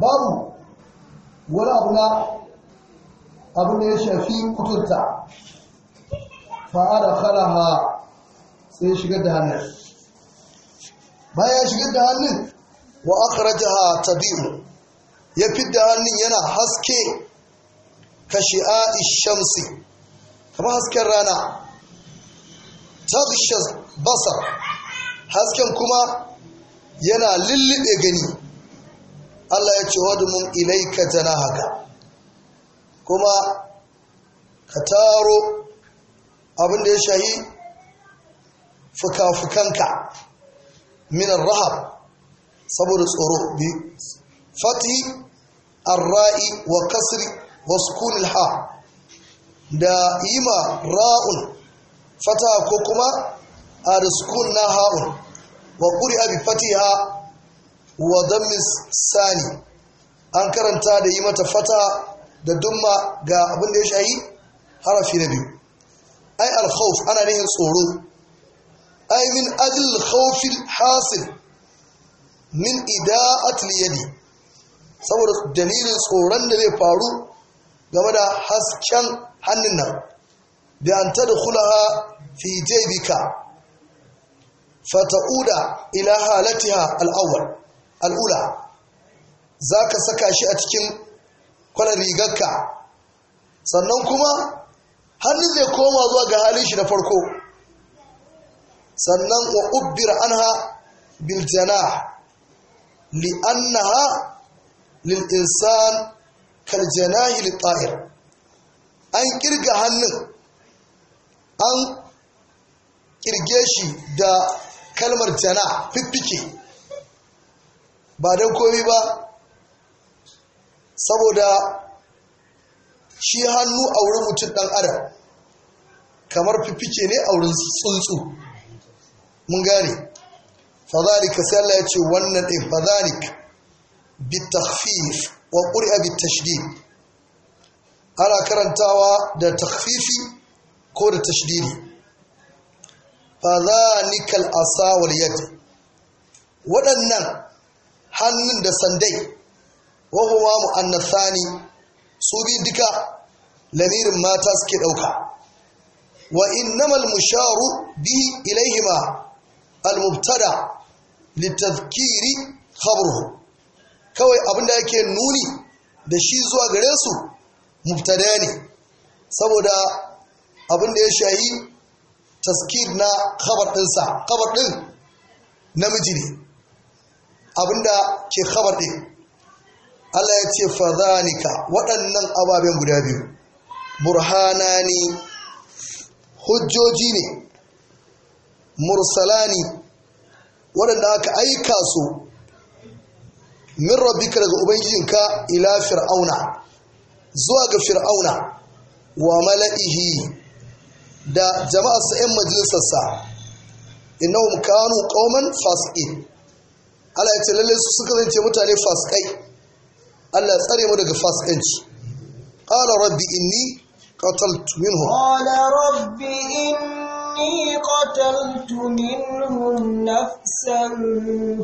babu wani abu na abu ne ya shafi kuturta fa'ada khalaha sai ya shigar da hannun bayan shigar da hannun wa ta biyu. ya fidda hannun yana haske kashi shi'a shamsi kamar hasken rana ta tabishas basar hasken kuma yana lullube gani Allah ya ce ka ilaika haka kuma ka taro abinda ya shahi fuka-fukanka minar rahab saboda tsoro bi fati arra'i wa kasri wa sukunin ha da yi ma ra'un fata ko kuma a da sukun ha'un wa kuri abi bi ha? wa dhammi sani an karanta da yi mata fata da dumma ga abin da ya shayi harafi na biyu ai alkhawf ana nihin tsoro ai min ajil khawfil hasil min ida'atil yadi saboda dalilin tsoron da zai faru game da hasken hannun nan bi an tadkhulaha fi jaybika fata'uda ila halatiha al-awwal al'ula za ka saka shi a cikin kwanar rigarka sannan kuma hannun zai koma zuwa ga halin shi na farko sannan wa ubbir anha bil janah li ha lil insan kal an kirga hannun an kirge shi da kalmar jana fiffike ba don komi ba saboda shi hannu a wurin mutum ɗan adam kamar fifice ne a wurin tsuntsu mun gane fadhalik sai Allah ya ce wannan ɗin bi bitakhfif wa qur'a bitashdid ana karantawa da takfifi ko da tashdidi fadhalikal asa wal yad waɗannan hannun da sandai wahuwa mu'annathani su bi duka lamirin mata suke ɗauka wa innamal musharu bi ilaihima almubtada litazkiri khabruhu kawai abinda yake nuni da shi zuwa gare su mubtada ne saboda abinda ya shayi taskir na khabar ɗinsa khabar ɗin namiji ne abinda ke khabar din Allah ya ce fadhanika waɗannan ababen guda biyu ne. hujjoji ne mursalani waɗanda aka aika su min rabbika daga ubangijinka ila fir'auna zuwa ga fir'auna wa mala'ihi da jama'arsa 'yan majalisarsa innahum kanu qauman fasiqin Allah ya ce lalle su suka zance mutane faskai Allah ya tsare mu daga faskanci qala rabbi inni qataltu minhum qala rabbi inni qataltu minhum nafsan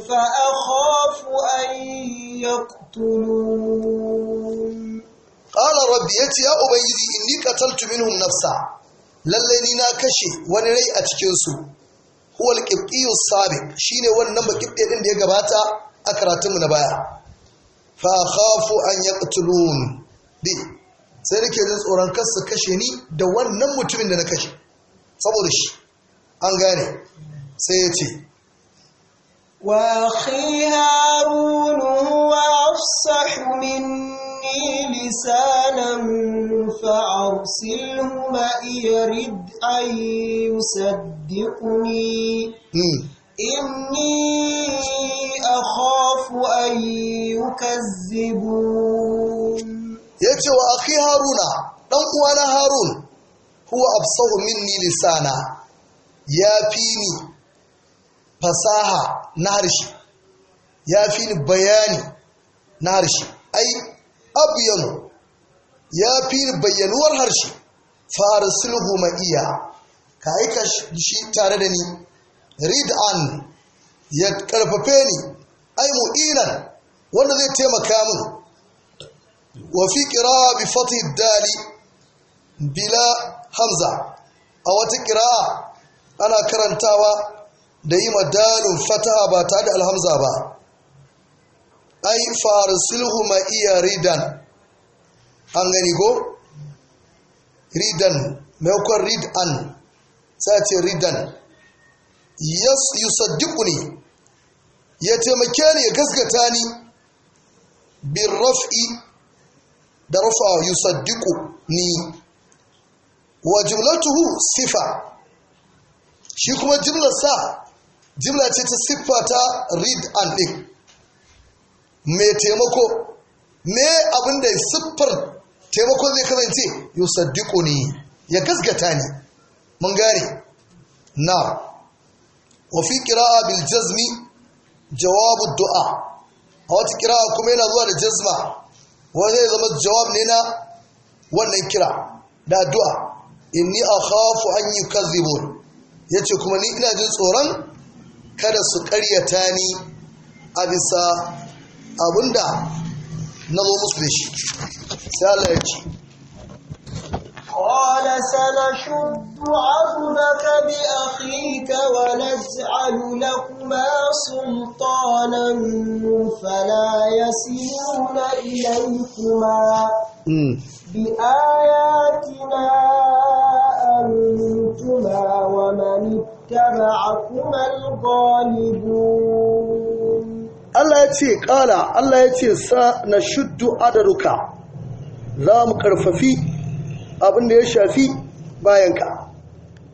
fa akhafu an yaqtulun qala rabbi yati ya ubangiji inni qataltu minhum nafsa lalle ni na kashe wani rai a cikin su huwa al sabi shi ne wannan bakibbe ɗin da ya gabata a karatunmu na baya fa khafu an yaqtulun bi sai nake jin tsoron kar su kashe ni da wannan mutumin da na kashe saboda shi an gane sai ya ce wa wa afsahu minni lisanan fa arsilhu ma yarid نبئني إني أخاف أن يكذبون يتي وأخي هارون دم وانا هارون هو أبصر lisana, ya fi ni fasaha na harshe ya fi ni bayani na harshe ai abu ya fi ni bayyanuwar harshe fara sulhu ma'iya ka yi shi tare da ni ridan an ya karfafe ni ai mu'inan wanda zai taimaka min Wafi fi bi fathi dali bila hamza a wata qira'a ana karantawa da yi madalun fataha ba tare da alhamza ba ai sulhu ma iya ridan an gani ko ridan maimakon ridan sai ce ridan ne. ya taimake ni ya gaskata ni bin raf'i da rafa yusaddiqu ni wa jumlatuhu sifa shi kuma jimla sa jimla ce ta siffa ta read and din mai taimako me abinda ya siffar taimako zai kasance yusaddiqu ne. ya gaskata ni mun gane na wafi kira'a bil jazmi jawabu du'a a wata kira'a kuma yana zuwa da jazma wani zai zama jawab ne na wannan kira da du'a inni akhafu an yukazzibun yace kuma ni ina jin tsoron kada su karyata ni a bisa abinda na zo musu da shi sai Allah قال سنشد عضدك بأخيك ونجعل لكما سلطانا فلا يسيرون إليكما بآياتنا أنتما ومن اتبعكما الغالبون الله يتي قال الله يتي سنشد عضدك لا مكرففي abin da ya shafi bayanka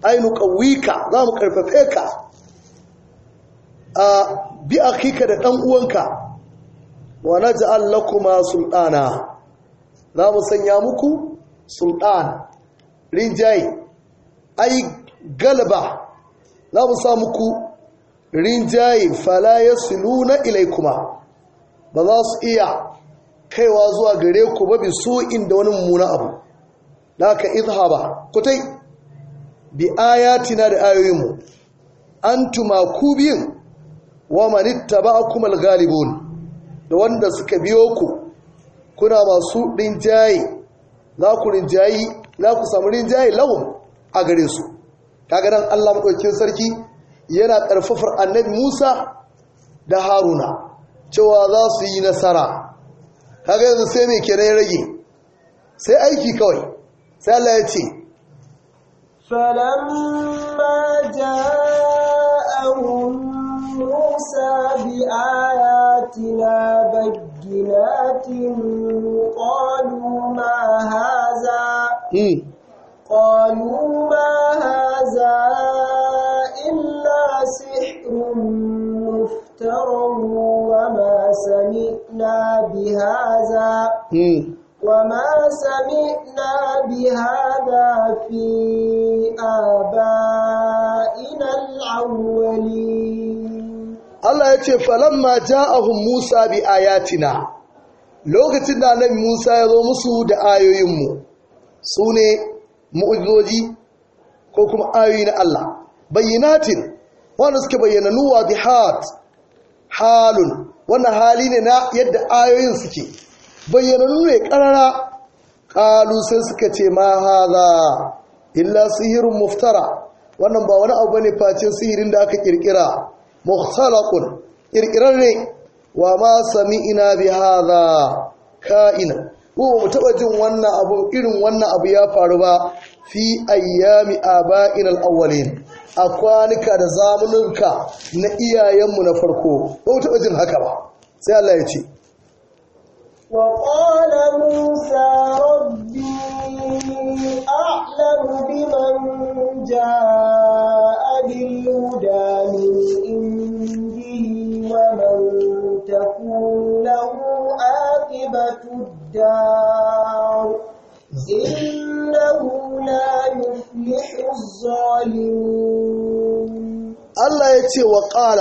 ainu ƙawika za mu ƙarfafe ka a bi akika da ɗan uwanka wa na Allah lakuma sultana za mu sanya muku sultan rinjaye ai galaba za mu sa muku rinjaye fala ya ilai kuma ba za su iya kaiwa zuwa gare ku ba bi su inda wani mummuna abu da aka izhaba kutai bi ayatina da ayoyinmu antuma ku biyun wa ba al-ghalibun da wanda suka biyo ku kuna masu rinjaye za ku za ku samu rinjaye lahum a gare su kaga dan Allah madaukakin sarki yana karfafar annabi Musa da Haruna cewa za su yi nasara kaga yanzu sai me kenan ya rage sai aiki kawai sai Allah ce falamma ja'ahum musa bi ayatina bayyinatin qalu ma haza hmm. qalu ma haza illa sihrun مفترى وما سمعنا بهذا وما سمعنا بهذا في آبائنا الأولين الله يقول فلما جاءهم موسى بآياتنا lokacin da annabi Musa ya zo musu da ayoyinmu Sune, ne mu'ujizoji ko kuma ayoyi na Allah bayyinatin wanda suke bayyana nuwa bihat halun wannan hali ne na yadda ayoyin suke Bayyanannu ne ƙarara ƙalu sai suka ce ma haza illa sihirin muftara wannan ba wani abu ne facin sihirin da aka ƙirƙira muhtalaqun ƙirƙirar ne wa ma sami'ina bi haza ka'ina ko mu taɓa jin wannan abu irin wannan abu ya faru ba fi ayyami aba'in al a kwanuka da zamunanka na iyayenmu na farko ba mu taɓa jin haka ba sai Allah ya ce وقال موسى ربي أعلم بمن جاء بالهدى من عنده ومن تكون له عاقبة الدار إنه لا يفلح الظالمون الله يتي وقال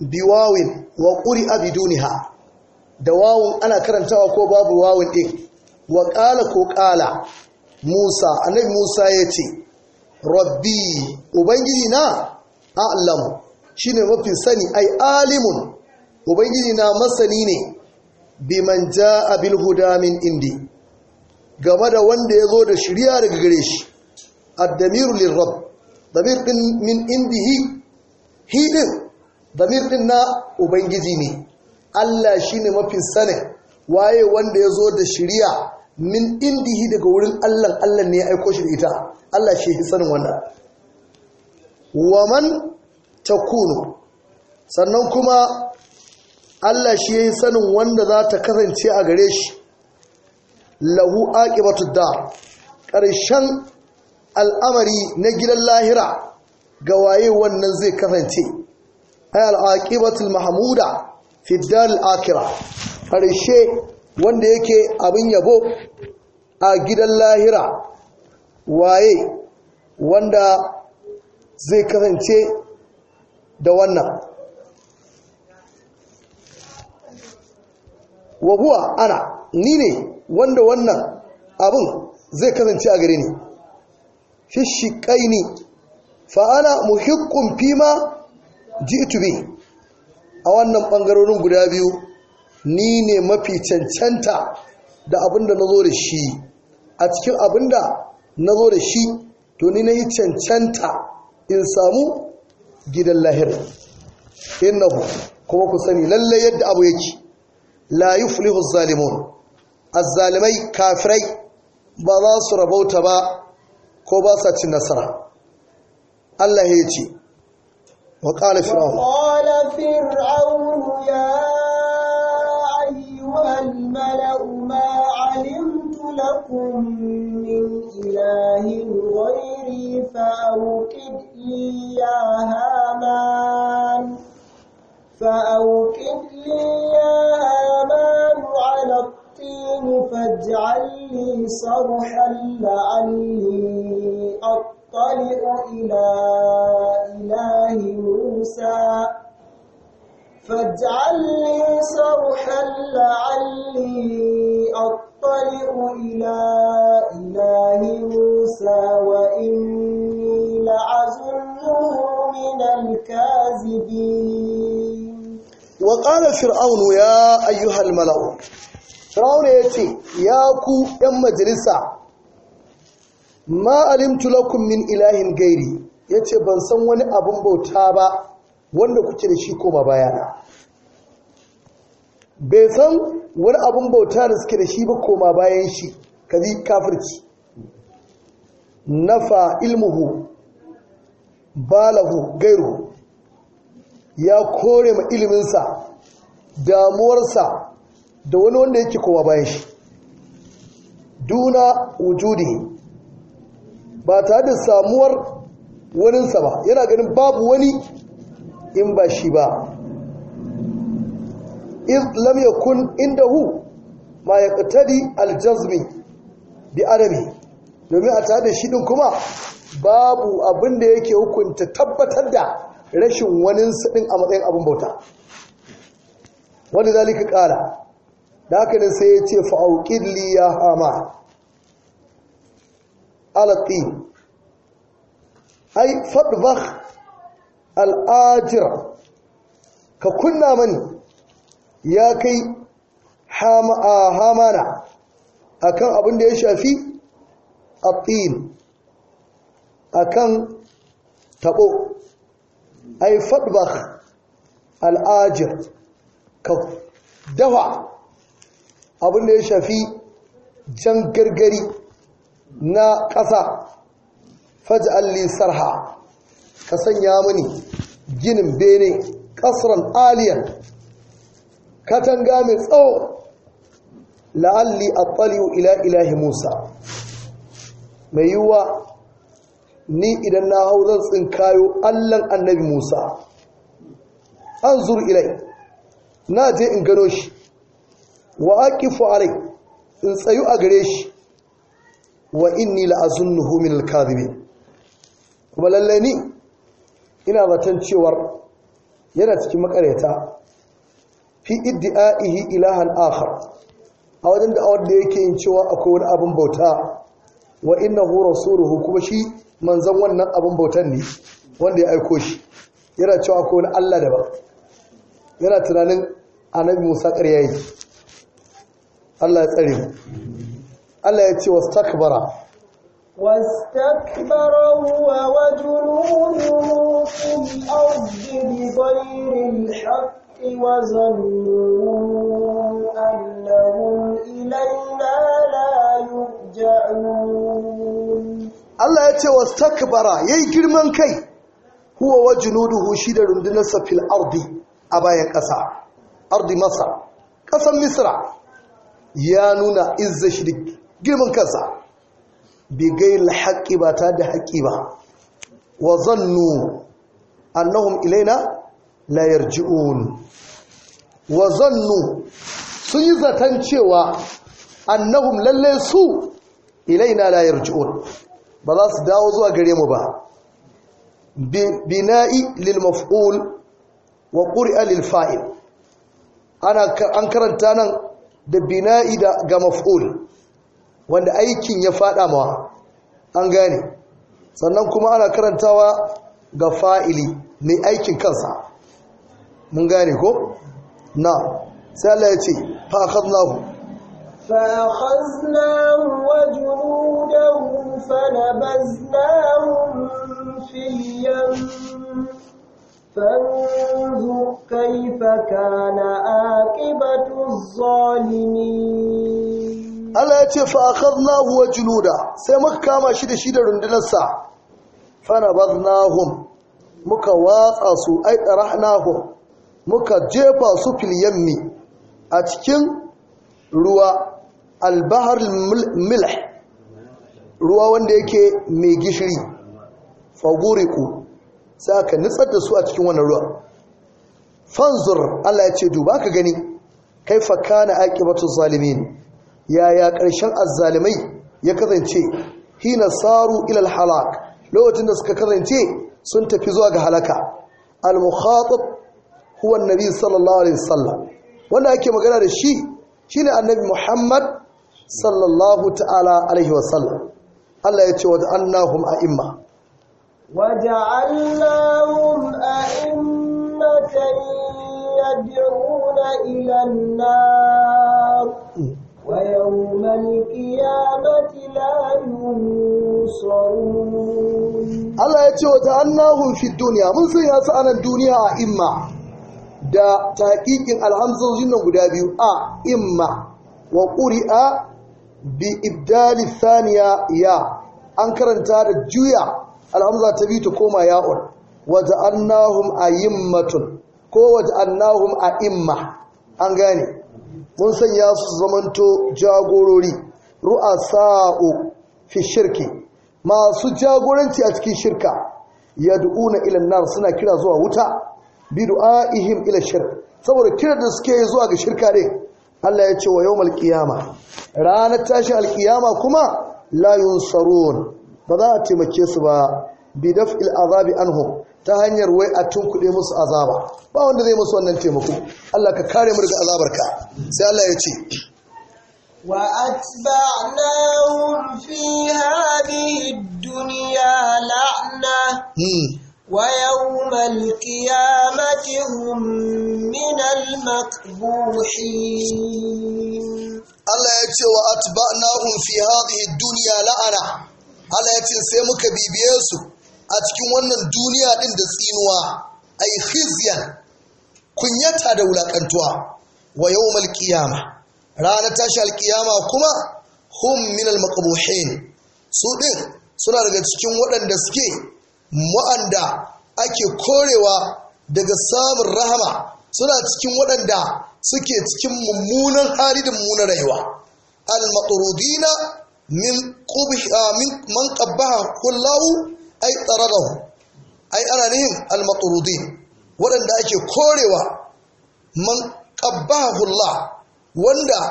بواو وقرئ بدونها da wawun ana karantawa ko babu wawun ɗin wa ko ƙala musa annabi musa ya ce rabbi ubangiji na a'lamu shi ne mafi sani ai alimun ubangiji na masani ne biman ja'a bil huda min indi game da wanda ya zo da shirya daga gare shi ad-damiru lirab damir din min indihi hidin damir din na ubangiji ne Allah shi ne mafi sanin waye wanda ya zo da shirya min indihi daga wurin Allah Allah ne ya aiko shi da ita Allah shi ya sanin wannan waman takunu sannan kuma Allah shi ya sanin wanda za ta kasance a gare shi lahu aqibatu da ƙarshen al'amari na gidan lahira ga waye wannan zai kasance ay al mahmuda fiddar akira ƙarshe wanda yake abin yabo a gidan lahira waye wanda zai kasance da wannan wahuwa ana ni ne wanda wannan abin zai kasance a gare ni fi ana fa'ana muhikkun fima ji itubi a wannan ɓangarorin guda biyu ni ne mafi cancanta da abin da na zo da shi a cikin abin na zo da shi to ni na yi cancanta in samu gidan lahir innahu kuma ku sani lallai yadda abu yake la yuflihu zalimun azzalimai kafirai ba za su rabauta ba ko ba sa cin nasara Allah ya ce وقال فرعون وقال فرعون يا أيها الملأ ما علمت لكم من إله غيري فأوقد لي يا هامان فأوقد لي يا هامان على الطين فاجعل لي صرحا لعلي أطلع يطلع إلى إله موسى فاجعل لي صرحا لعلي أطلع إلى إله موسى وإني لعزمه من الكاذبين وقال فرعون يا أيها الملأ فرعون يتي يا كو يا مجلسة ma alimtu lakum min ilahin gairi ce ban san wani abin bauta ba wanda kuke da shi koma bayana bai san wani abin bauta da suke da shi ba koma bayan shi zi kafirci nafa ilmuhu balahu gairu ya kore ma iliminsa damuwarsa da wani wanda yake koma bayan shi duna wujudi ba tare da samuwar waninsa ba yana ganin babu wani in ba shi ba lam inda hu ma ƙatari aljazmi bi arabi domin a tare da shi din kuma babu abin da yake hukunta tabbatar da rashin waninsa ɗin a matsayin abin bauta Wani zalika kara da haka ne sai ya ce fa'auƙidli liya hama alaƙi ai fadbakh al'ajira ka kunna mani ya kai hamana kan abin da ya shafi abin kan taɓo. ai fadbakh al'ajir ka dafa abin da ya shafi jan gargari na ƙasa faj'al alli sarha ka sanya mini ginin bene kasran aliyan katanga mai tsawo la'alli attali'u ila ilahi Musa mai yiwuwa ni idan na hau zan tsinkayo allan annabi Musa an zuru ilai na je in gano shi wa aqifu alai in tsayu a gare shi wa inni la'azunnuhu min al kuma lallai ni ina zaton cewar yana cikin makareta fi iddi'aihi ilahan a'kar, a wajen da awar da yake yin cewa akwai wani abin bauta wa innahu rasuluhu kuma shi manzon wannan abin bautan ne wanda ya aiko shi yana cewa akwai wani Allah daban yana tunanin annabi Musa ƙarya yi Allah ya tsare Allah ya ce wastakbara واستكبر هو وجنوده في الأرض بغير الحق وظنوا أنهم إلينا لا يرجعون الله يتي واستكبر يي جرمان كي هو وجنوده شيد رندنسا في الأرض أبايا كسا أرض مصر كسا مصر يا نونا إز شرك جرمان كسا bigair haƙƙi ba ta da haƙƙi ba wa zannu annahum ilaina la yarji'un wa zannu sun yi zaton cewa annahum lalle su ilaina la yarji'un ba za su dawo zuwa gare mu ba bina'i lil maf'ul wa qur'a lil fa'il ana an karanta nan da bina'i da ga maf'ul wanda aikin ya fada mawa an gane sannan kuma ana karantawa ga fa'ili mai aikin kansa mun gane ko na sai Allah ya ce fa akhadnahu fa akhadnahu wa junudahu fanabaznahum fil yam فانظر كيف كان عاقبة الظالمين Allah ya ce fa akhadnahu wa juluda sai muka kama shi da shi da rundunarsa fa nabadnahum muka watsa su ai qarahnahum muka jefa su fil yammi a cikin ruwa albahar milh ruwa wanda yake mai gishiri faguriku sai aka nitsar da su a cikin wannan ruwa fanzur Allah ya ce duba ka gani aiki kana aqibatu zalimin yaya ƙarshen azzalimai ya kasance hina saru ilal halak lokacin da suka kasance sun tafi zuwa ga halaka al-mukhatab huwa annabi sallallahu alaihi wasallam wanda ake magana da shi shine annabi Muhammad sallallahu ta'ala alaihi wasallam Allah ya ce wa annahum a'imma وجعلناهم أئمة يدعون إلى النار ويوم القيامة لا ينصرون Allah ya ce wa ta’annahu fi duniya, mun sun ya su anan duniya a imma da taƙiƙin alhamzojin nan guda biyu a imma wa ƙuri’a bi ibdali saniya ya an karanta da juya alhamza ta biyu ta koma ya’ur wa ta’annahun a yin matun ko wa ta’annahun a imma an gane. mun sanya su zamanto jagorori sa'o fi shirki masu jagoranci a cikin shirka ya du'una ilan nar suna kira zuwa wuta bi du'aihim ila shirk saboda kira da suke zuwa ga shirka ne Allah ya ce wa yau malkiyama ranar tashin alƙiyama kuma layun saron ba za a taimake su ba bi daf'il azabi anhum ta hanyar wai a tun kuɗe musu azaba ba wanda zai musu wannan taimako Allah ka kare mu daga azabarka sai Allah ya ce wa atba'nahum fi hadhihi ad-dunya la'na hmm. wa yawm al-qiyamati hum min Allah ya ce wa atba'nahum fi hadhihi ad-dunya la'na Allah ya ce sai muka bibiye su a cikin wannan duniya ɗin da tsinuwa yi khizyan kunyata da wulaƙantuwa, wa yau malƙiyama ranar tashi alƙiyama kuma hum min almaqbuhin su ɗin suna daga cikin waɗanda suke wa'anda ake korewa daga samun rahama suna cikin waɗanda suke cikin mummunan hali da mummunan rayuwa al-maqrudina min ah, qabbaha kullahu ai tsararrahu ai ana nihin almaturudi waɗanda ake korewa man ƙabba wanda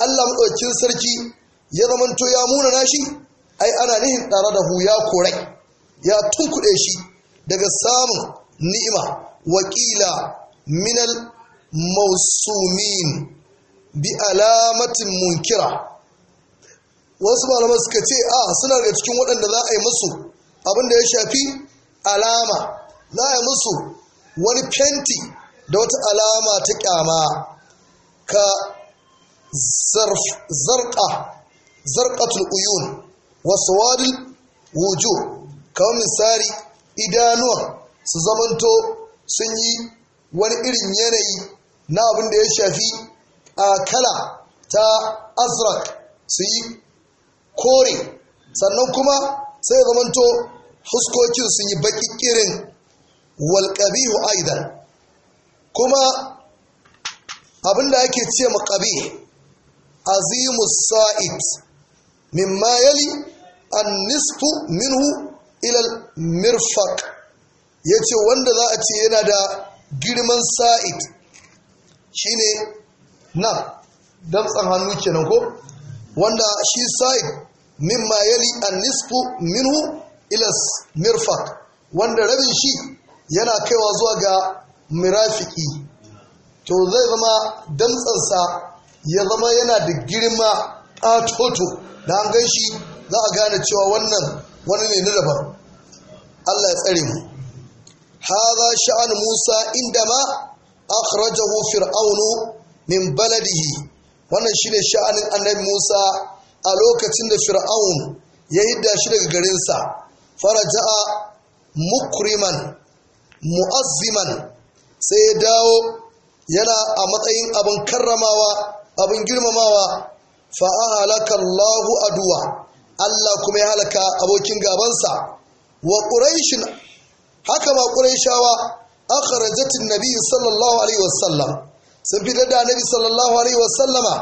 Allah maɗaukin sarki ya zamanto ya muna nashi ai ana nihin tsararrahu ya korai ya tunkuɗe shi daga samun ni'ima wakila minal mausumin bi alamatin munkira wasu malamar suka ce a suna daga cikin waɗanda za a yi musu Abinda ya shafi alama za a musu wani fenti da wata alama ta kyama ka zarka zarqatul uyun wasu sawadil wujo kamar misali idanuwa su zamanto sun yi wani irin yanayi na abin ya shafi a kala ta azrak su yi kore sannan kuma sai zamanto huskokin sun yi baki irin walƙabihu aidan kuma abinda ake ce maƙabi azimus sa'id mimma yali an nisfu minhu ilal mirfak ya ce wanda za a ce yana da girman sa'id shine na damtsan hannu kenan ko wanda shi sa'id mimma yali an-nisfu minhu ila mirfaq wanda rabin shi yana kaiwa zuwa ga mirafiki to zai zama damtsansa ya zama yana da girma ƙatoto da an gan shi za a gane cewa wannan wani ne na daban Allah ya tsare mu hadha sha'an Musa indama akhrajahu fir'aunu min baladihi wannan shine sha'anin annabi Musa a lokacin da fir'aun ya yi dashi daga garinsa faraja'a mukriman mu'azziman sai ya dawo yana a matsayin abin karramawa abin girmamawa fa'ahalaka Allahu aduwa Allah kuma ya halaka abokin gabansa wa ƙuraishin haka ma ƙuraishawa akharajatin nabi sallallahu alaihi wasallam sun fitar da nabi sallallahu alaihi wasallama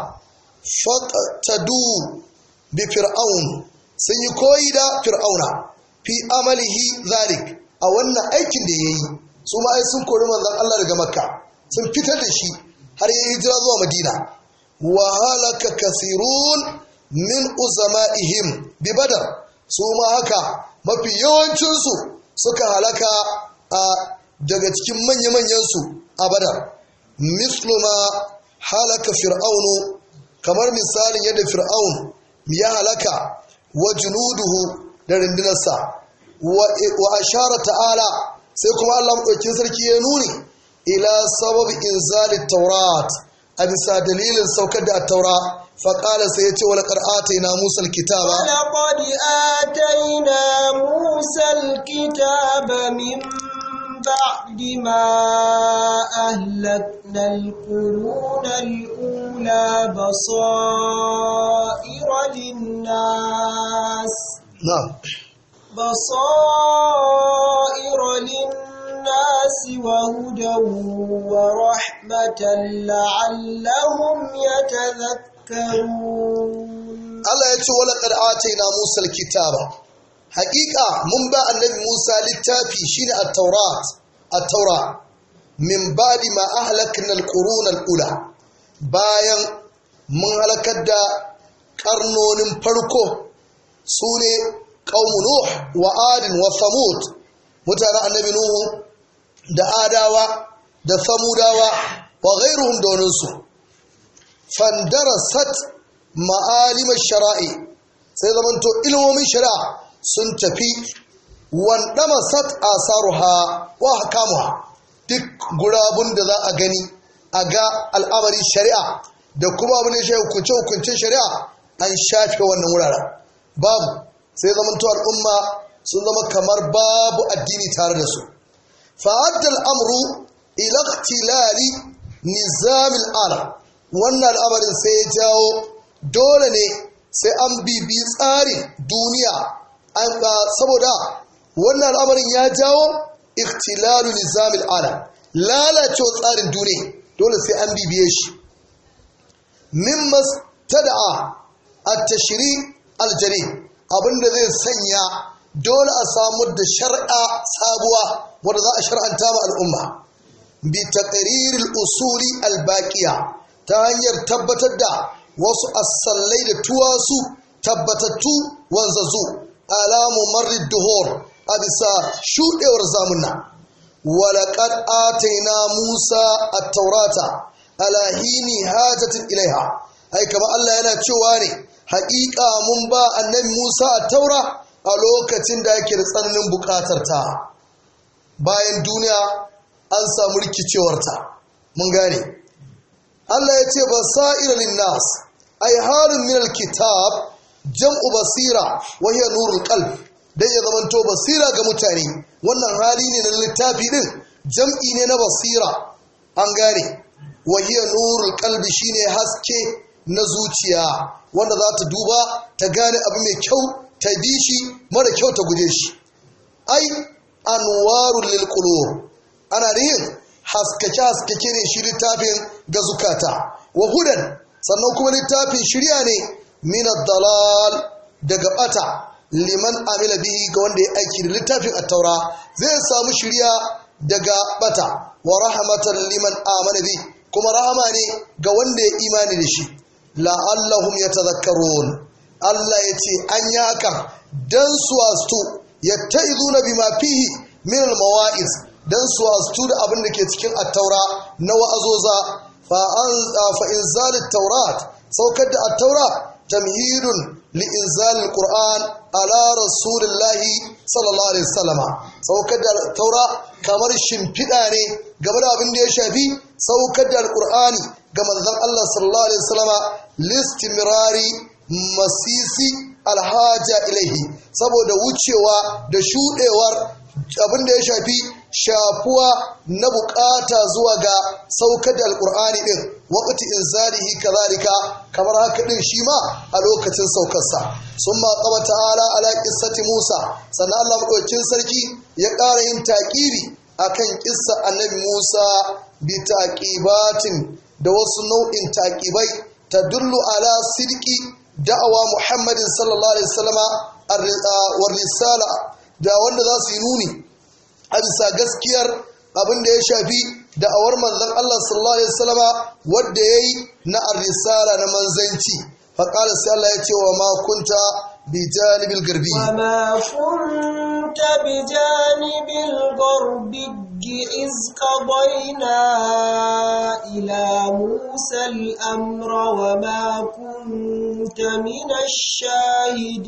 faqtadu bi fir'aun sun yi koyi da fir'auna fi amalihi zalik a wannan aikin da ya yi su ma sun kori manzan Allah daga makka sun fitar da shi har yayi jira zuwa madina wa halaka kasirun min uzama'ihim bi badar su ma haka mafi yawancinsu suka halaka a daga cikin manya-manyansu a badar misluma halaka fir'aunu kamar misalin yadda fir'aun ya halaka wa junuduhu da rundunarsa wa ashara ta'ala sai kuma Allah maɗaukin sarki ya nuni ila sababi inzali taurat a bisa dalilin saukar da taura faƙala sai ya ce wa ƙar'ata na musal kitaba wala ƙar'ata na musal kitaba min بعد ما أهلكنا القرون الأولى بصائر للناس نعم بصائر للناس وهدى ورحمة لعلهم يتذكرون الله يتولى ولقد آتينا موسى الكتاب Haƙiƙa mun ba annabi Musa littafi shine at-taurat at-taura min ba'di ma ahlakna al-qurun al-ula bayan mun halakar da karnonin farko sune qaumun nuh wa ad wa thamud mutanen annabi nuhu da adawa da samudawa wa ghairuhum donansu fandarasat ma'alimar shara'i sai zamanto ilmomin shari'a sun tafi wandama sat asaruha wa hakamuha duk gurabun da za a gani a ga al'amarin shari'a da kuma abin da ya hukunce hukuncin shari'a an shafe wannan wuraren babu sai zamanto al'umma sun zama kamar babu addini tare da su fa'addal amru ilaktilali nizamil ala. wannan al'amarin sai ya jawo dole ne sai an bibi tsarin duniya saboda wannan al'amarin ya jawo ikhtilalu nizamin alam lalacewa tsarin duniya dole sai an bibiye shi min mastada'a a tashirin al-jari abinda zai sanya dole a samu da shar'a sabuwa wadda za a shar'anta ma al'umma bi taqriril usuli al'baƙiya, ta hanyar tabbatar da wasu asallai da tuwasu tabbatattu wanzazu alamu marrid duhur a bisa shuɗewar zamuna walaƙad na musa a taurata alahini hajatin ilaiha ai kama allah yana cewa ne haƙiƙa mun ba annabi musa a taura a lokacin da yake da tsananin buƙatar ta bayan duniya an samu rikicewarta mun gane allah ya ce ba sa'ira nas. ai harin min alkitab jam'u basira wa nurul kalb Don ya zamanto basira ga mutane wannan hali ne na littafi din jam'i ne na basira an gane wa hiya nurul qalb shine haske na zuciya wanda za ta duba ta gane abu mai kyau ta bi shi mara kyau ta guje shi ai anwarul lil ana ana yin haskake-haskake ne shi littafin ga zukata wa hudan sannan kuma littafin shirya ne min dalal daga bata liman amila bihi ga wanda ya aiki da littafin at-taura zai samu shiriya daga bata wa rahmatan liman amana bi kuma rahama ne ga wanda ya imani da shi la'allahum yatadhakkarun Allah ya ce an yi haka dan su wastu na bima fihi min mawaiz dan su wastu da abin da ke cikin at-taura na wa'azoza fa an fa inzalit taurat saukar da at-taura tamhidun li inzalil ala rasulillahi sallallahu alaihi wasallama saukar da taura kamar shimfiɗa ne game da abin da ya shafi saukar da alqur'ani ga manzon Allah sallallahu alaihi wasallama listimirari masisi alhaja ilaihi saboda wucewa da shuɗewar abin da ya shafi shafuwa na buƙata zuwa ga saukar da alqur'ani din waƙati in zarihi ka zarika kamar haka ɗin shi ma a lokacin saukarsa sun ma ƙaba ta'ala ala ƙissati musa sannan allah maɗaukin sarki ya ƙara yin taƙiri a kan ƙissa annabi musa bi taƙibatin da wasu nau'in taƙibai ta dullu ala sirki da'awa muhammadin sallallahu alaihi wasallama risala da wanda za su yi nuni a bisa gaskiyar abin da ya shafi da awar manzan Allah sallallahu Alaihi wasallama wadda ya yi na arisala na manzanci faƙala sai Allah ya ce wa makunta bi janibin garbi إذ قضينا إلى موسى الأمر وما كنت من الشاهدين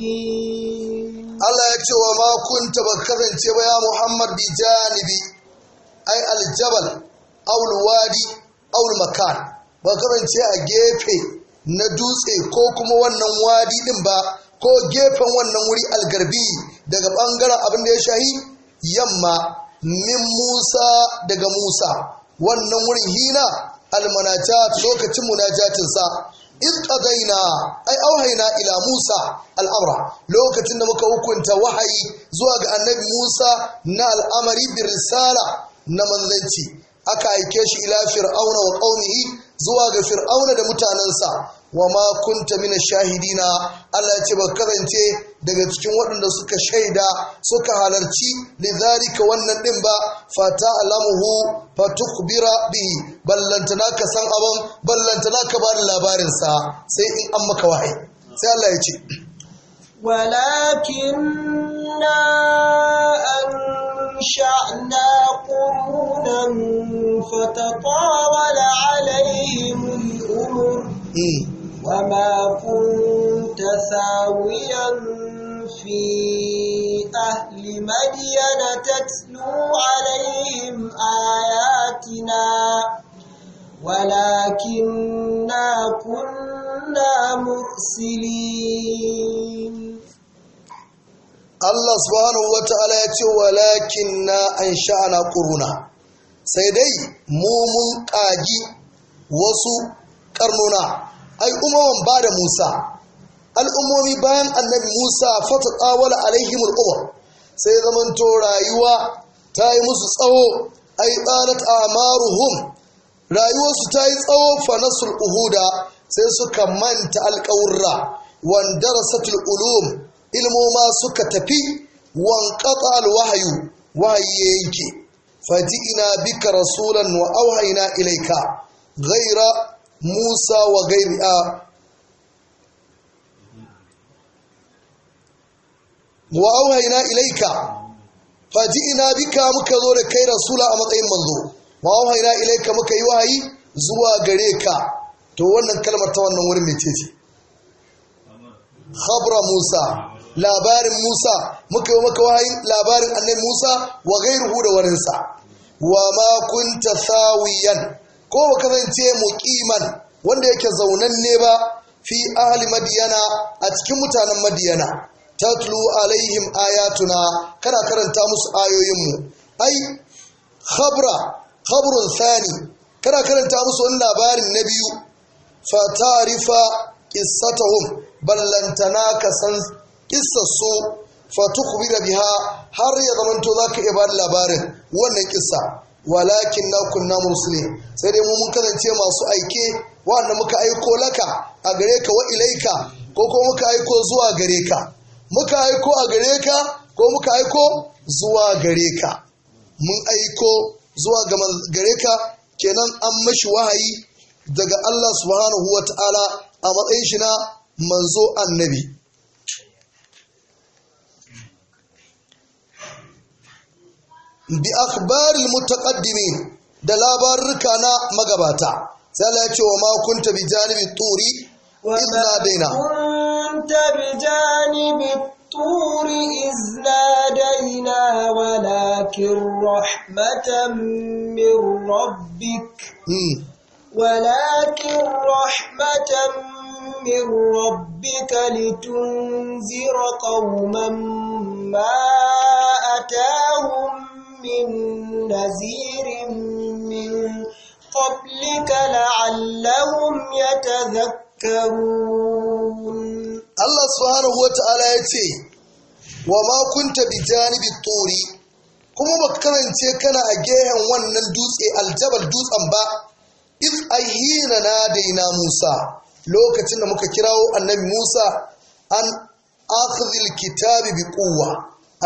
الله يكتب وما كنت بكرا يا محمد بجانبي أي الجبل aul wadi aul makan ba ce a gefe na dutse ko kuma wannan wadi din ba ko gefen wannan wuri algarbi daga bangaren abin da ya shahi yamma min musa daga musa wannan wurin hina almanajat lokacin munajatinsa iqadaina ai auhaina ila Musa al'amra lokacin da muka hukunta wahayi zuwa ga annabi Musa na al'amari bi risala na manzanci aka aike shi ila fir'auna wa qaumihi zuwa ga fir'auna da mutanensa wa ma kunta min shahidina Allah ya ce ba karance daga cikin waɗanda suka shaida suka halarci lidhalika wannan din ba fata alamuhu fatukbira bihi ballantana ka san abin ballantana ka bada labarin sa sai in an maka wahayi sai Allah ya ce walakinna أنشأنا قرونا فتطاول عليهم الأمر إيه. وما كنت ثاويا في أهل مدين تتلو عليهم آياتنا ولكننا كنا مرسلين Allah subhanahu wa ta'ala ya ce walakin na an sha'ana ƙuruna sai dai mu mun ƙagi wasu ƙarnuna ai umaman ba da Musa al'ummomi bayan annabi Musa fata tsawala alaihimul umar sai zamanto rayuwa ta yi musu tsawo ai tsanat amaruhum rayuwarsu ta yi tsawo fanasul uhuda sai suka manta alƙawurra wandarasatul ulum ilmoma suka tafi wanqata alwahyu wahayi yanke ina bika rasulan wa auhaina ilaika Gaira musa wa ghairi wa auhaina ilaika ina bika muka zo da kai rasula a matsayin manzo wa auhaina ilaika muka yi wahayi zuwa gare ka to wannan kalmar ta wannan wurin mecece khabra musa labarin Musa muka yi maka wahayin labarin annabi Musa wa gairu da waninsa wa ma ta sawiyan ko ba kasance kiman wanda yake ne ba fi ahali madiyana a cikin mutanen madiyana tatlu alaihim ayatuna kana karanta musu ayoyinmu ai khabra khabrun sani kana karanta musu wani labarin na biyu fatarifa qissatahum ballantana ka san kissarsu fatukubira biha har ya zamanto za ka iya ba labarin wannan kisa walakin na kunna musulmi sai dai mu mun kasance masu aike wanda muka aiko laka a gare ka wa ilaika ko ko muka aiko zuwa gare ka muka aiko a gare ka ko muka aiko zuwa gare ka mun aiko zuwa gare ka kenan an mashi wahayi daga Allah subhanahu wa ta'ala a matsayin shi na manzo annabi بأخبار المتقدمين دلابار كان مغباتا سألت وما كنت بجانب الطور إذ نادينا وما كنت بجانب الطور إذ نادينا ولكن رحمة من ربك ولكن رحمة من ربك لتنذر قوما ما أتاهم من نذير من قبلك لعلهم يتذكرون الله سبحانه وتعالى يتي وما كنت بجانب الطور kuma ba karance kana a gehen wannan dutse aljabal dutsen ba iz ayyina na daina musa lokacin da muka kirawo annabi musa an akhdhil kitabi bi quwwa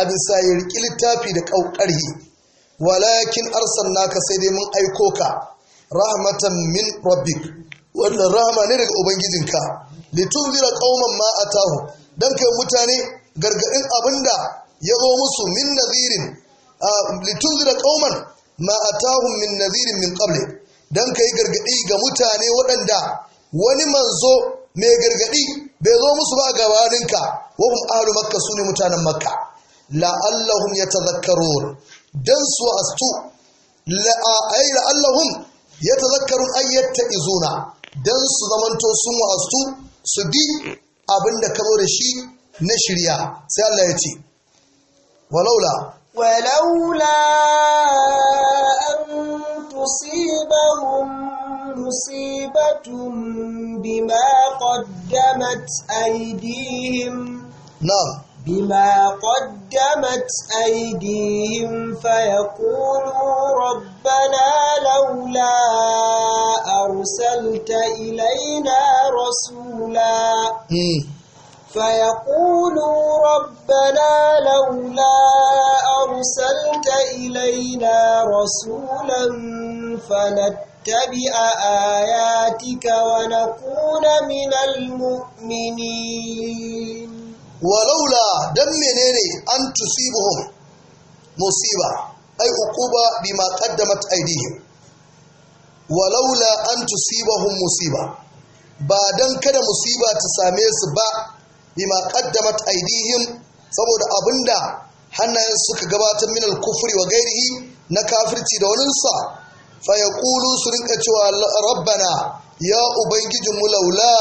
abisa ya riki littafi da ƙauƙarhi walakin ka sai dai mun aiko ka rahmatan min rabbik wannan rahama ne daga ubangijinka zira qauman ma atahu dan kai mutane gargadin abinda ya zo musu min litun zira qauman ma atahum min nazirin min qabli dan kai gargadi ga mutane waɗanda wani manzo mai gargadi bai zo musu ba gabaninka wa hum ahlu makka sune mutanen makka la'allahum yatadhakkarun dan su astu ya ta zakarun ayyata izuna dan su zamanto sun wa'astu su bi abin da ka da shi na shirya sai Allah ya ce walaula walaula an tusibahum musibatun bima qaddamat aydihim na'am بما قدمت أيديهم فيقولوا ربنا لولا أرسلت إلينا رسولا فيقولوا ربنا لولا أرسلت إلينا رسولا فنتبع آياتك ونكون من المؤمنين walaula dan menene an tusibuhum musiba ai uquba bima qaddamat walaula an tusibahum musiba ba dan kada musiba ta same su ba bima qaddamat aydihim saboda abinda hannayen suka gabatar min al wa gairihi na kafirci da waninsa fa su rinka cewa rabbana ya ubangijinmu laula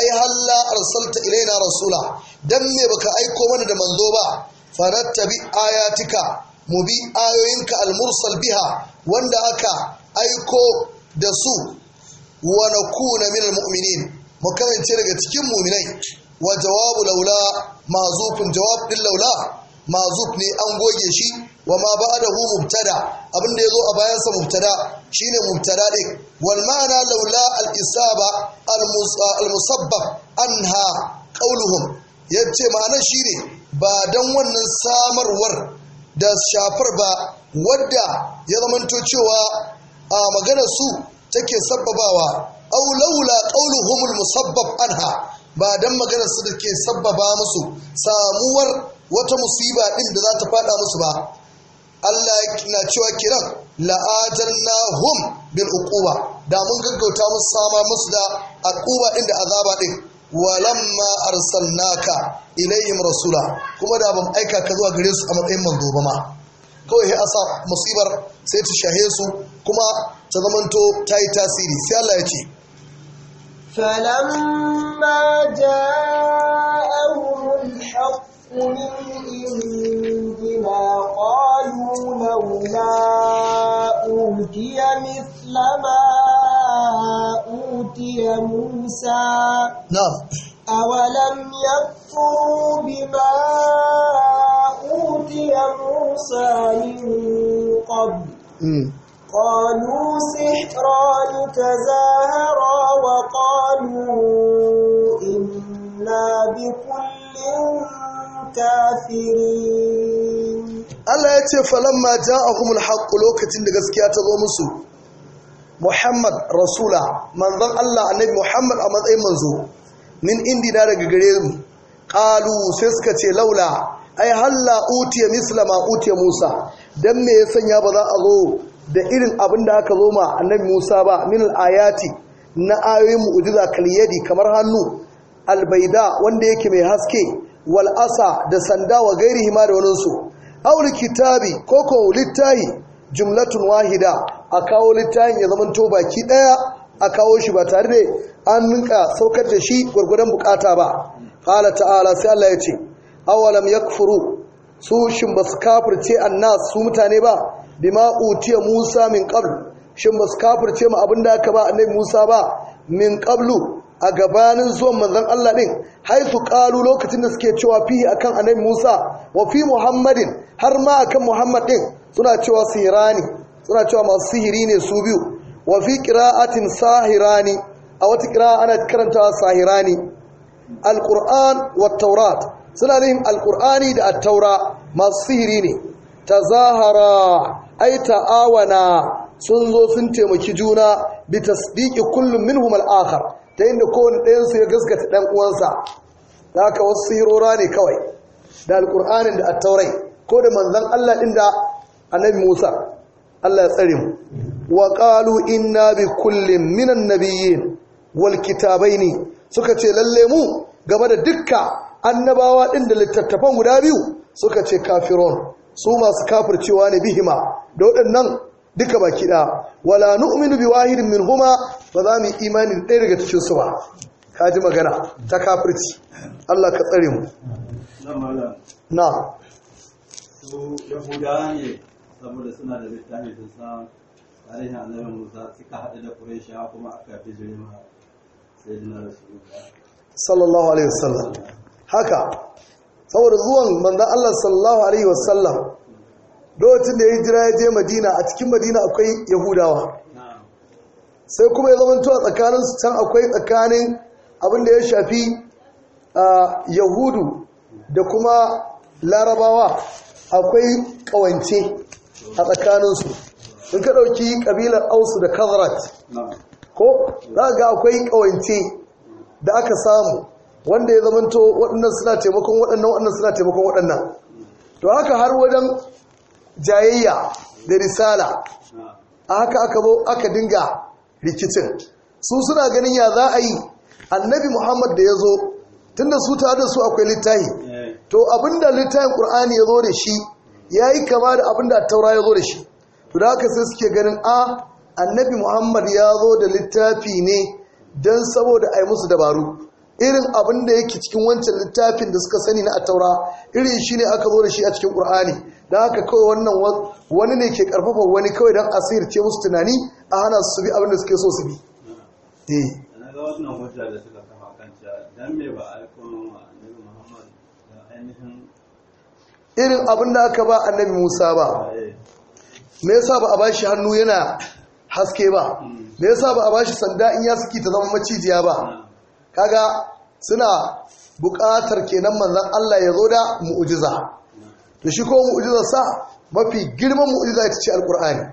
ai halla arsalta ilaina rasula dan me baka aiko mana da manzo ba fanattabi ayatika mu bi ayoyinka almursal biha wanda aka aiko da su wa nakuna min almu'minin mu kasance daga cikin mu'minai wa jawabu laula mazufun jawab din laula mazuf ne an goge shi wa ma ba'dahu mubtada abinda yazo a bayan sa mubtada shine mubtada din wal ma'ana laula al isaba al musabbab anha qawluhum ya ce ma'anar shi ne ba don wannan samarwar da shafar ba wadda ya zamanto cewa a maganar su take sabbabawa au laula qauluhumul musabbab anha ba dan maganar su da ke sabbaba musu samuwar wata musiba din da za ta fada musu ba Allah na cewa kiran la'ajarnahum bil uquba da mun gaggauta musu sama musu da aquba din da azaba din walamma arsalnaka ilayhim rasula kuma da ban aika ka zuwa gare su a matsayin manzo ba ma kawai ya asa musibar sai ta shahe su kuma ta zamanto ta yi tasiri sai Allah ya ce falamma ja'ahum haqq min indina qalu lawla udiya mislama أوتي موسى نعم أولم يكفروا بما أوتي موسى من قبل قالوا سحران تزاهرا وقالوا إنا بكل كافرين Allah ya ce falamma ja'ahumul haqq lokacin da gaskiya ta zo musu muhammad rasula manzon allah annabi muhammad a matsayin manzo min na daga gare mu ƙalu sai suka ce laula ai halla utiya misla ma utiya musa dan me ya sanya ba za a zo da irin abin da aka zo ma annabi musa ba min ayati na ayoyin mu'udiza kaliyadi kamar hannu albaida wanda yake mai haske Wal'asa da sanda wa gairi ma da su. Aure kitabi koko littahi jumlatun wahida a kawo littafin ya zama to baki daya a kawo shi ba tare da an ninka saukar da shi gwargwadon bukata ba qala ta'ala sai Allah ya ce awalam yakfuru su shin ba su kafirce annas su mutane ba bima utiya Musa min qabl shin ba su kafirce mu abinda aka ba annabi Musa ba min qablu a gabanin zuwan manzon Allah ɗin haisu qalu lokacin da suke cewa fihi akan annabi Musa wa fi Muhammadin har ma akan Muhammad din suna cewa sirani suna cewa masu sihiri ne su biyu wa fi qira'atin sahirani a wata qira'a ana karantawa sahirani alquran wa taurat suna nufin alkur'ani da taura masu sihiri ne tazahara ay ta'awana sun zo sun taimaki juna bi sadiƙi kullum min al akar. ta inda kowane ɗayan su ya gaskata ɗan uwansa da haka wasu sihirora ne kawai da alqur'anin da at-taurai ko da manzon Allah ɗin da annabi Musa Allah ya tsare mu wa qalu inna bi kullin minan nabiyyin wal kitabaini suka ce lalle mu game da dukka annabawa din da littattafan guda biyu suka ce kafirun su masu kafircewa ne bihima da waɗannan duka baki kiɗa. wala nu'minu bi wahidin minhuma ba za mu imanin ɗaya daga cikin su ba ka ji magana ta kafirci Allah ka tsare mu na saboda suna da littafi sun san tarihin annabi musa suka haɗu da Quraysh kuma aka fi jirima sai dina rasulullah sallallahu alaihi wasallam haka saboda zuwan manzon Allah sallallahu alaihi wasallam lokacin da ya jira ya je madina a cikin madina akwai yahudawa sai kuma ya zama tuwa tsakanin su can akwai tsakanin abin da ya shafi yahudu da kuma larabawa akwai kawance a tsakaninsu in ka ɗauki ƙabilar ausu da kazrat ko za ga akwai ƙawance da aka samu wanda ya zamanto waɗannan suna taimakon waɗannan waɗannan suna taimakon waɗannan to haka har wajen jayayya da risala a haka aka zo aka dinga rikicin su suna ganin ya za a yi annabi muhammad da ya zo tun da su tare da su akwai littahi eh. to abinda littahin ƙur'ani ya zo da shi ya yi kama da abin da taura ya zo da shi to da haka sai suke ganin a annabi muhammad ya zo da littafi ne don saboda a yi musu dabaru irin abin da yake cikin wancan littafin da suka sani na a taura irin shi ne aka zo da shi a cikin ƙur'ani da haka kawai wannan wani ne ke ƙarfafa wani kawai don a ce musu tunani a hana su bi abin da suke so su bi ainihin irin abin da aka ba annabi musa ba me yasa ba a ba shi hannu yana haske ba me yasa ba a ba shi sanda in ya suki ta zama macijiya ba kaga suna buƙatar kenan manzan Allah ya zo da mu'ujiza to shi ko mu'ujiza sa mafi girman mu'ujiza ita ci alƙur'ani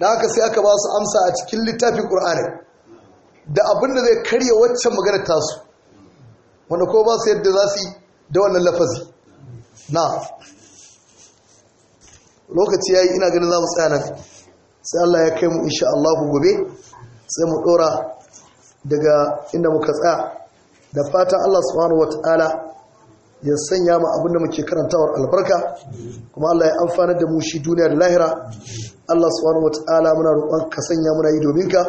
da haka sai aka ba su amsa a cikin littafin ƙur'ani da abin da zai karya waccan maganar tasu wanda ko ba su yadda za su yi da wannan lafazi na lokaci ya yi ina ganin za mu tsaya nan sai Allah ya kai mu insha Allah gobe sai mu dora daga inda muka tsaya da fatan Allah subhanahu ta'ala ya sanya mu abin da muke karantawar albarka kuma Allah ya amfana da mu shi duniya da lahira Allah subhanahu ta'ala muna roƙon ka sanya muna yi domin ka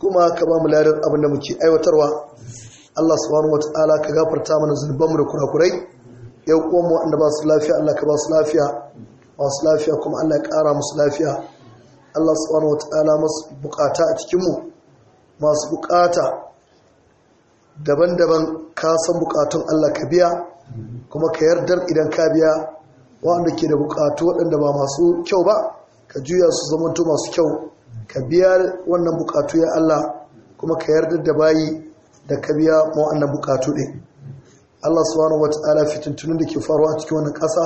kuma ka ba mu ladan abin da muke aiwatarwa Allah subhanahu ta'ala ka gafarta mana zunubanmu da kurakurai ya komo waɗanda ba su lafiya Allah ka ba su lafiya ba su lafiya kuma Allah ya kara musu lafiya Allah subhanahu wa ta'ala masu bukata a cikinmu masu bukata daban-daban ka san bukatun Allah ka biya kuma ka yardar idan ka biya waɗanda ke da bukatu waɗanda ba masu kyau ba ka juya su zamanto masu kyau ka biya wannan bukatu ya Allah kuma ka yardar da bayi da ka biya wannan bukatu ɗin Allah subhanahu wata'ala fitintunun da ke faruwa a cikin wannan ƙasa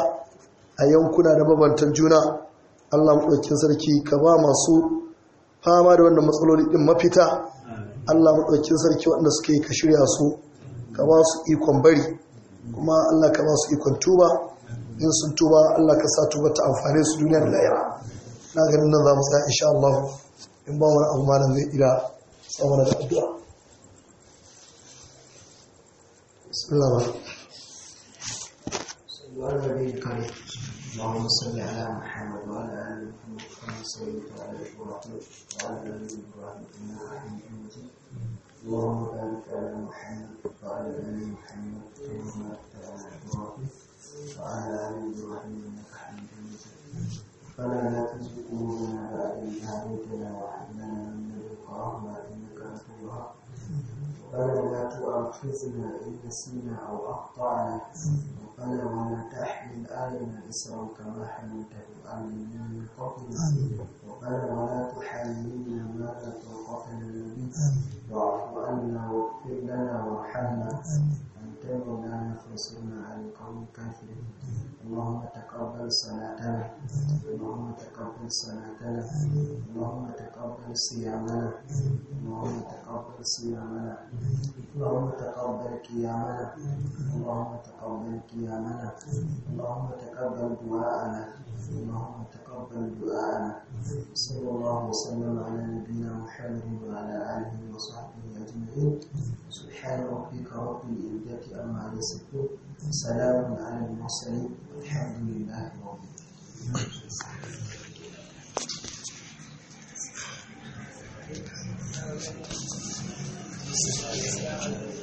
a yankuna da mabantan juna Allah maɗaukin sarki ka ba masu fama da wannan matsaloli ɗin mafita Allah maɗaukin sarki waɗanda suke ka shirya su ka ba su ikon bari kuma Allah ka ba su ikon tuba in sun tuba Allah ka sa tuba ta amfane su duniya da lahira na ganin nan za mu tsaya insha Allah in ba wani abu malam zai ira tsawana da addu'a بسم الله الرحمن الرحيم وعلى النبي الكريم اللهم صل على محمد وعلى ال محمد كما صليت على ابراهيم وعلى ال ابراهيم انك حميد اللهم بارك على محمد وعلى ال محمد كما باركت على ابراهيم وعلى ال ابراهيم انك حميد مجيد فلا لا تزغ بعد إذ هديتنا وهب لنا من لدنك رحمة إنك أنت الله ربنا لا تؤاخذنا إن نسينا أو أخطأنا ربنا ولا تحمل علينا إسرا كما حملته على من قبل ربنا ولا تحملنا ما لا طاقة لنا به واعف عنا واغفر لنا وارحمنا أنت مولانا فانصرنا على القوم الكافرين اللهم تقبل صلاتنا اللهم تقبل صلاتنا اللهم تقبل صيامنا اللهم تقبل صيامنا اللهم تقبل قيامنا اللهم تقبل قيامنا اللهم تقبل دعاءنا اللهم تقبل تقبل الدعاء صلى الله وسلم على نبينا محمد وعلى آله وصحبه أجمعين سبحان ربك رب العزة عما يصفون سلام على المرسلين والحمد لله رب العالمين